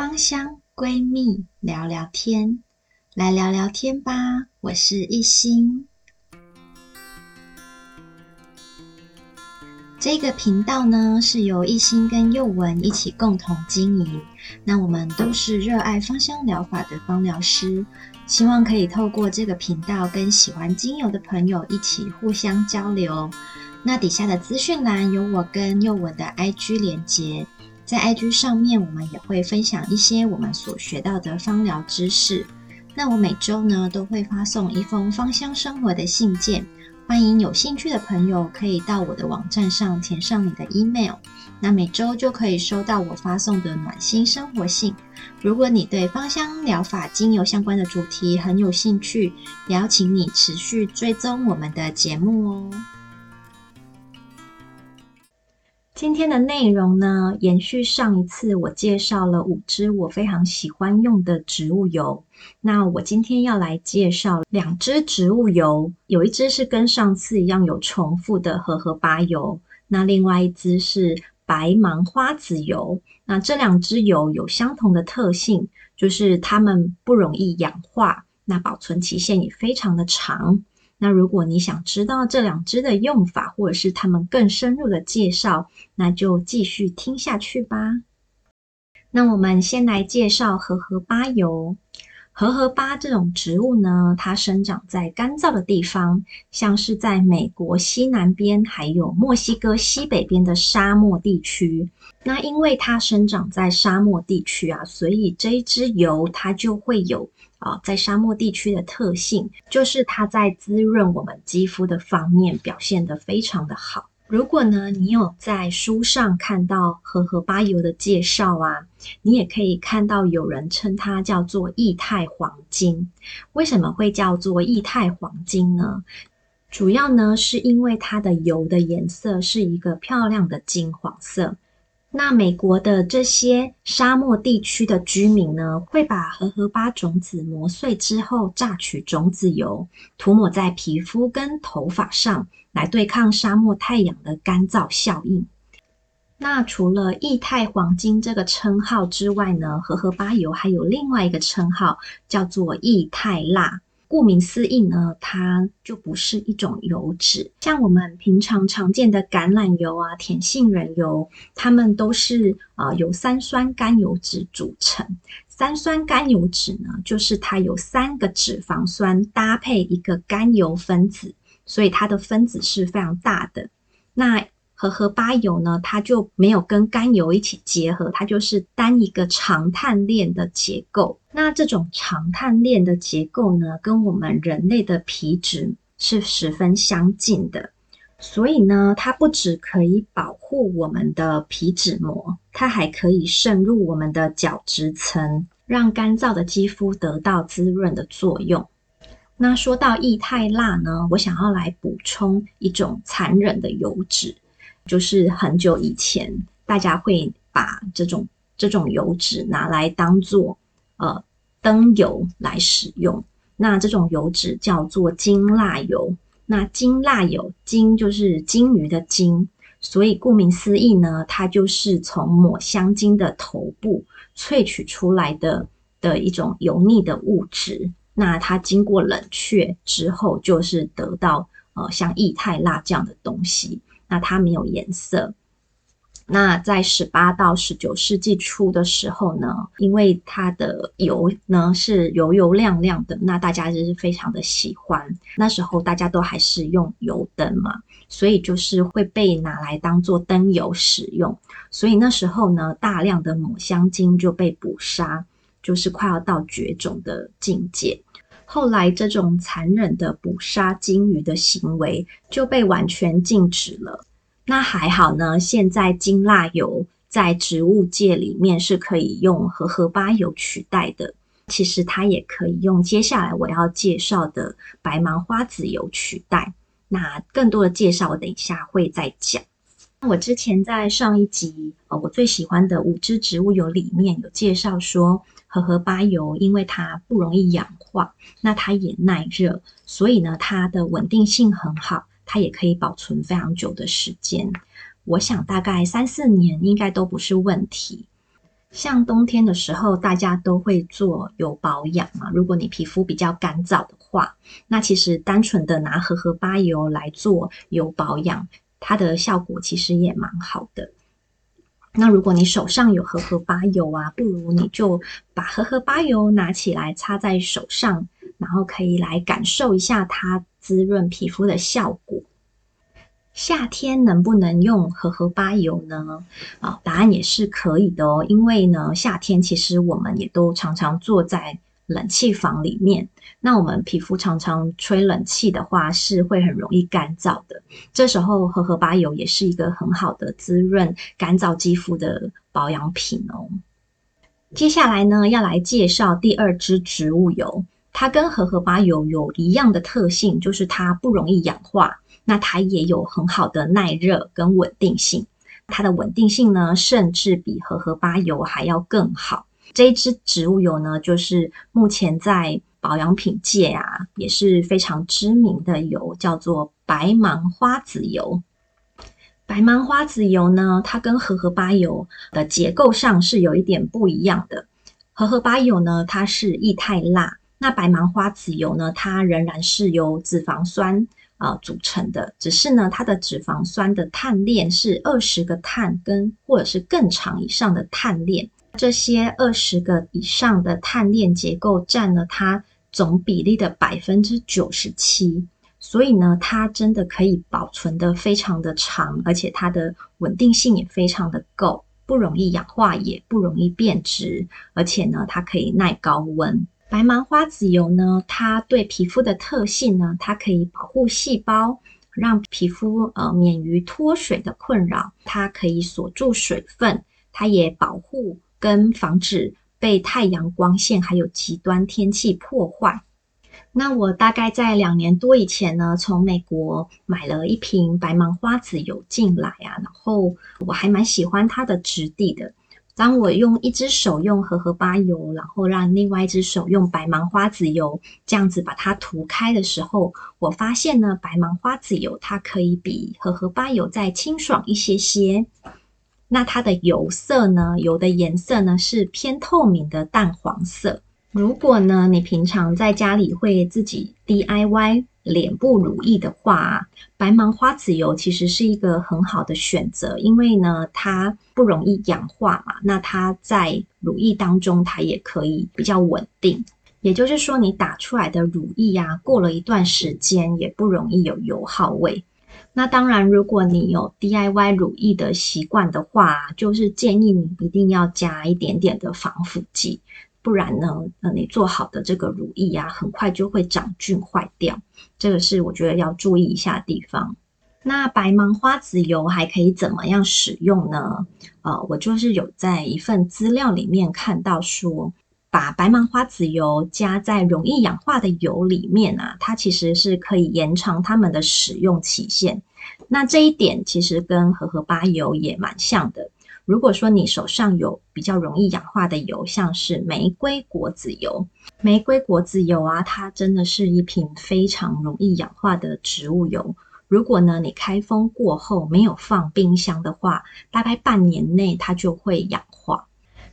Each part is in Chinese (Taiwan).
芳香閨蜜聊聊天，來聊聊天吧。我是一心，這個頻道呢是由一心跟宥雯一起共同經營。那我們都是熱愛芳香療法的芳療師，希望可以透過這個頻道跟喜歡精油的朋友一起互相交流。那底下的資訊欄有我跟宥雯的 IG 連結。在 IG 上面，我們也會分享一些我們所學到的芳療知識。那我每周呢都會發送一封芳香生活的信件，歡迎有興趣的朋友可以到我的網站上填上你的 email，那每周就可以收到我發送的暖心生活信。如果你對芳香療法、精油相關的主題很有興趣，也邀請你持續追蹤我們的節目哦。今天的內容呢，延續上一次，我介紹了五支我非常喜歡用的植物油。那我今天要來介紹兩支植物油，有一支是跟上次一樣有重複的荷荷巴油，那另外一支是白芒花籽油。那這兩支油有相同的特性，就是它們不容易氧化，那保存期限也非常的長。那如果你想知道這兩支的用法，或者是他們更深入的介紹，那就繼續聽下去吧。那我們先來介紹荷荷巴油。荷荷巴這種植物呢，它生長在乾燥的地方，像是在美國西南邊還有墨西哥西北邊的沙漠地區。那因為它生長在沙漠地區啊，所以這一支油它就會有啊，在沙漠地區的特性，就是它在滋潤我們肌膚的方面表現得非常的好。如果呢，你有在書上看到荷荷巴油的介紹啊，你也可以看到有人稱它叫做液態黃金。為什麼會叫做液態黃金呢？主要呢，是因為它的油的顏色是一個漂亮的金黃色。那美國的這些沙漠地區的居民呢，會把荷荷巴種子磨碎之後榨取種子油，塗抹在皮膚跟頭髮上。來對抗沙漠太陽的乾燥效應。那除了液態黃金這個稱號之外呢，荷荷巴油還有另外一個稱號，叫做液態蠟。顧名思義呢，它就不是一種油脂。像我們平常常見的橄欖油啊、甜杏仁油，它們都是啊由三酸甘油脂組成。三酸甘油脂呢，就是它有三個脂肪酸搭配一個甘油分子。所以它的分子是非常大的，那荷荷巴油呢，它就沒有跟甘油一起結合，它就是單一個長碳鏈的結構。那這種長碳鏈的結構呢，跟我們人類的皮脂是十分相近的，所以呢，它不只可以保護我們的皮脂膜，它還可以滲入我們的角質層，讓乾燥的肌膚得到滋潤的作用。那說到液態蠟呢，我想要來補充一種殘忍的油脂，就是很久以前大家會把這種這種油脂拿來當做呃燈油來使用。那這種油脂叫做鯨蠟油。那鯨蠟油，鯨就是鯨魚的鯨，所以顧名思義呢，它就是從抹香鯨的頭部萃取出來的的一種油膩的物質。那它經過冷卻之後，就是得到呃像液態蠟這樣的東西。那它沒有顏色。那在十八到十九世紀初的時候呢，因為它的油呢是油油亮亮的，那大家就是非常的喜歡。那時候大家都還是用油燈嘛，所以就是會被拿來當做燈油使用。所以那時候呢，大量的抹香鯨就被捕殺，就是快要到絕種的境界。後來，這種殘忍的捕殺鯨魚的行為就被完全禁止了。那還好呢，現在鯨蠟油在植物界裡面是可以用荷荷巴油取代的。其實它也可以用接下來我要介紹的白芒花籽油取代。那更多的介紹，我等一下會再講。我之前在上一集，呃、哦，我最喜歡的五支植物油裡面有介紹說。荷荷巴油，因為它不容易氧化，那它也耐熱，所以呢，它的穩定性很好，它也可以保存非常久的時間。我想大概三四年應該都不是問題。像冬天的時候，大家都會做油保養嘛、啊。如果你皮膚比較乾燥的話，那其實單純的拿荷荷巴油來做油保養，它的效果其實也蠻好的。那如果你手上有荷荷巴油啊，不如你就把荷荷巴油拿起來擦在手上，然後可以來感受一下它滋潤皮膚的效果。夏天能不能用荷荷巴油呢？啊、哦，答案也是可以的哦，因為呢，夏天其實我們也都常常坐在。冷氣房裡面，那我們皮膚常常吹冷氣的話，是會很容易乾燥的。這時候荷荷巴油也是一個很好的滋潤乾燥肌膚的保養品哦。接下來呢，要來介紹第二支植物油，它跟荷荷巴油有一樣的特性，就是它不容易氧化，那它也有很好的耐熱跟穩定性。它的穩定性呢，甚至比荷荷巴油還要更好。這一支植物油呢，就是目前在保養品界啊，也是非常知名的油，叫做白芒花籽油。白芒花籽油呢，它跟荷荷巴油的結構上是有一點不一樣的。荷荷巴油呢，它是液態蠟，那白芒花籽油呢，它仍然是由脂肪酸啊、呃、組成的，只是呢，它的脂肪酸的碳鏈是二十個碳跟或者是更長以上的碳鏈。這些二十個以上的碳鏈結構占了它總比例的百分之九十七，所以呢，它真的可以保存得非常的長，而且它的穩定性也非常的夠，不容易氧化，也不容易變質，而且呢，它可以耐高溫。白芒花籽油呢，它對皮膚的特性呢，它可以保護細胞，讓皮膚，呃，免於脫水的困擾，它可以鎖住水分，它也保護。跟防止被太陽光線還有極端天氣破壞。那我大概在兩年多以前呢，從美國買了一瓶白芒花籽油進來啊，然後我還蠻喜歡它的質地的。當我用一隻手用荷荷巴油，然後讓另外一隻手用白芒花籽油，這樣子把它塗開的時候，我發現呢，白芒花籽油它可以比荷荷巴油再清爽一些些。那它的油色呢？油的顏色呢是偏透明的淡黃色。如果呢你平常在家裡會自己 DIY 臉部乳液的話，白芒花籽油其實是一個很好的選擇，因為呢它不容易氧化嘛。那它在乳液當中，它也可以比較穩定。也就是說，你打出來的乳液呀、啊，過了一段時間也不容易有油耗味。那當然，如果你有 DIY 乳液的習慣的話，就是建議你一定要加一點點的防腐劑，不然呢，呃，你做好的這個乳液呀，啊，很快就會長菌壞掉。這個是我覺得要注意一下地方。那白芒花籽油還可以怎麼樣使用呢？呃，我就是有在一份資料裡面看到說，把白芒花籽油加在容易氧化的油裡面啊，它其實是可以延長它們的使用期限。那這一點其實跟荷荷巴油也蠻像的。如果說你手上有比較容易氧化的油，像是玫瑰果籽油，玫瑰果籽油啊，它真的是一瓶非常容易氧化的植物油。如果呢，你開封過後沒有放冰箱的話，大概半年內它就會氧化。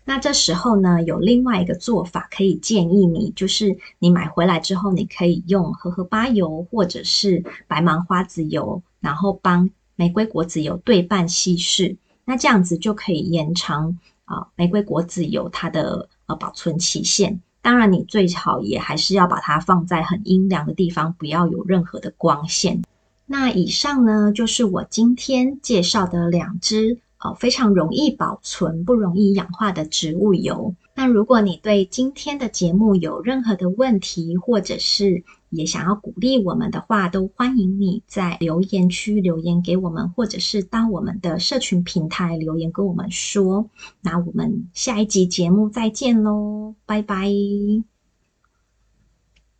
那這時候呢，有另外一個做法可以建議你，就是你買回來之後，你可以用荷荷巴油或者是白芒花籽油，然後幫玫瑰果籽油對半稀釋，那這樣子就可以延長啊、呃、玫瑰果籽油它的呃保存期限。當然，你最好也還是要把它放在很陰涼的地方，不要有任何的光線。那以上呢，就是我今天介紹的兩支。呃，非常容易保存，不容易氧化的植物油。那如果你對今天的節目有任何的問題，或者是也想要鼓勵我們的話，都歡迎你在留言區留言給我們，或者是到我們的社群平台留言跟我們說。那我們下一集節目再見嘍，拜拜。